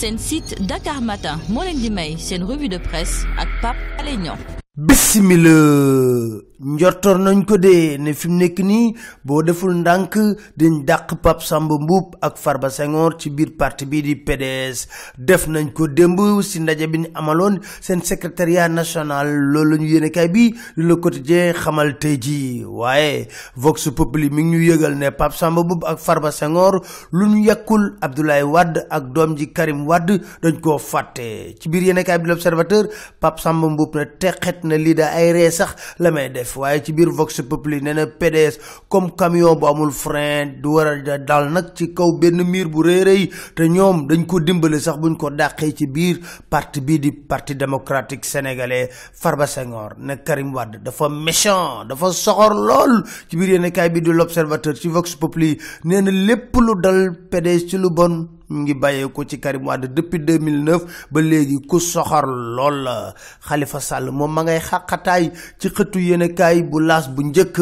seen site Dakar Matin moo leen di may seen revue de presse ak Pape Alé Niang. Bismillah. njortoor nañ ko dee ne fi mu nekk nii boo deful ndànk dañ dàq Pape Samba Mboup ak Farba Senghor ci biir parti bii di PDS def nañ ko démb si ndaje bi ñu amaloon seen secrétariat national loolu la ñu bi di ko Quotidien xamal tey jii waaye Vox Populi mi ngi ñu yëgal ne Pape Samba ak Farba Senghor lu ñu yàkkul Abdoulaye Wade ak doom ji Karim Wade dañ koo fàtte ci biir yéenekaay bi L'Observateur Pape Samba Mboup ne texet na lii da ay ree sax la may def waaye ci biir Vox Populi nee na PDS comme camion bu amul frein du war a dal nag ci kaw benn miir bu rëy rëy te ñoom dañ ko dimbale sax buñ ko dàqee ci biir parti bii di parti démocratique sénégalais Farba Senghor ne Karim wàdd dafa mession dafa soxor lool ci biir yenn bi di l'observateur ci Vox Populi nee na lépp lu dal PDS ci lu bon mu ngi bàyyee ko ci Karim Wade depuis 2009 ba léegi ku soxor lool la Khalifa Sall moom ma ngay xàqataay ci xëtu yéenekaay bu laas bu njëkk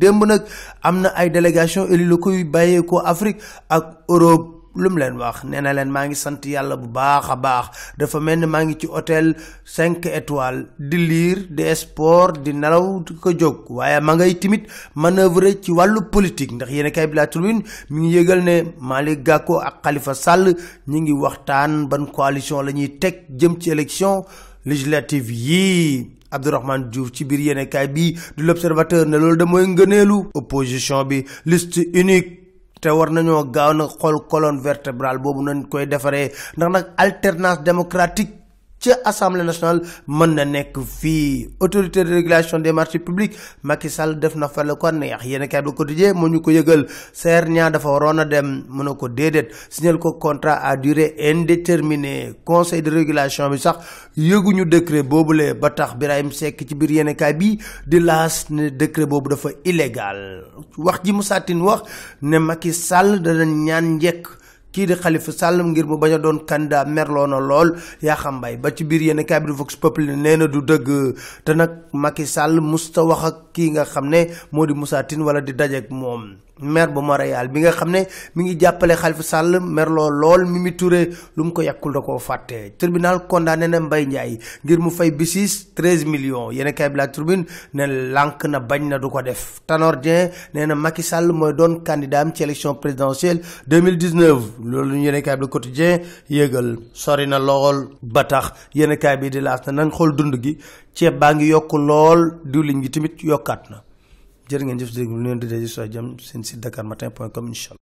démb nag am na ay délégation élus locaux yu Afrique ak Europe lu mu leen waax nee na leen maa ngi sant yàlla bu baax a baax dafa mel ni maa ngi ci hôtel cinq étoiles di liir di sport di nelaw di ko jóg waaye ma ngay timit manoeuvre ci wàllu politique ndax yéen bi la Tribune mi ngi yëgal ne Malick gàkko ak Khalifa Sall ñu ngi waxtaan ban coalition la ñuy teg jëm ci élection législative yii Abdourahmane Diouf ci biir yenekaay bi du l'observateur ne loolu da mooy ngëneelu opposition bi liste unique te war nañoo gaaw nag xool colonne vertébrale boobu nañu koy defaree ndax nag alternance démocratique ca assemblée nationale mën na nekk fii autorité de régulation des marchés publics Macky Sall def na fa la ko neex yéen a kaddu quotidien ñu ko yëgal Saër Niang dafa waroon a dem mën ko déedéet signal ko contrat à durée indéterminée conseil de régulation bi sax yëguñu boobu boobule ba tax Birahim Seck ci biir yéen a kaay bi di laas ne décret boobu dafa illégal wax ji mu Tine wax ne Macky Sall dana ñaan njekk kii di xalifa Sall ngir mu bañ a doon candidat merloo na lool yaa xam bay ba ci biir yenn kaay bi di Vox Populi nee na du dëgg te nag Macky sàll musta wax ak kii nga xam ne moo di Moussa Tine wala di dajeek moom maire bu Montréal bi nga xam ne mu ngi jàppale Khalifa sàll merloo lool mu Mimi ture lu mu ko yàkkul da koo fàtte tribunal condamné na mbay Ndiaye ngir mu fay bisis 13 millions yéen kay bi la tribune ne lànk na bañ na du ko def Tanor Dieng nee na Macky Sall mooy doon candidat am ci élection présidentielle 2019 loolu ñu yéenekaay bi Le Quotidien yéegal sori na lool ba tax yéenekaay bi di laas na nañ xool dund gi ceeb baa ngi yokk lool diwlin gi tamit yokkaat na jërë ngeen jëf dégg lu leen di dee si soo jëm seen site dakar matin point com incha allah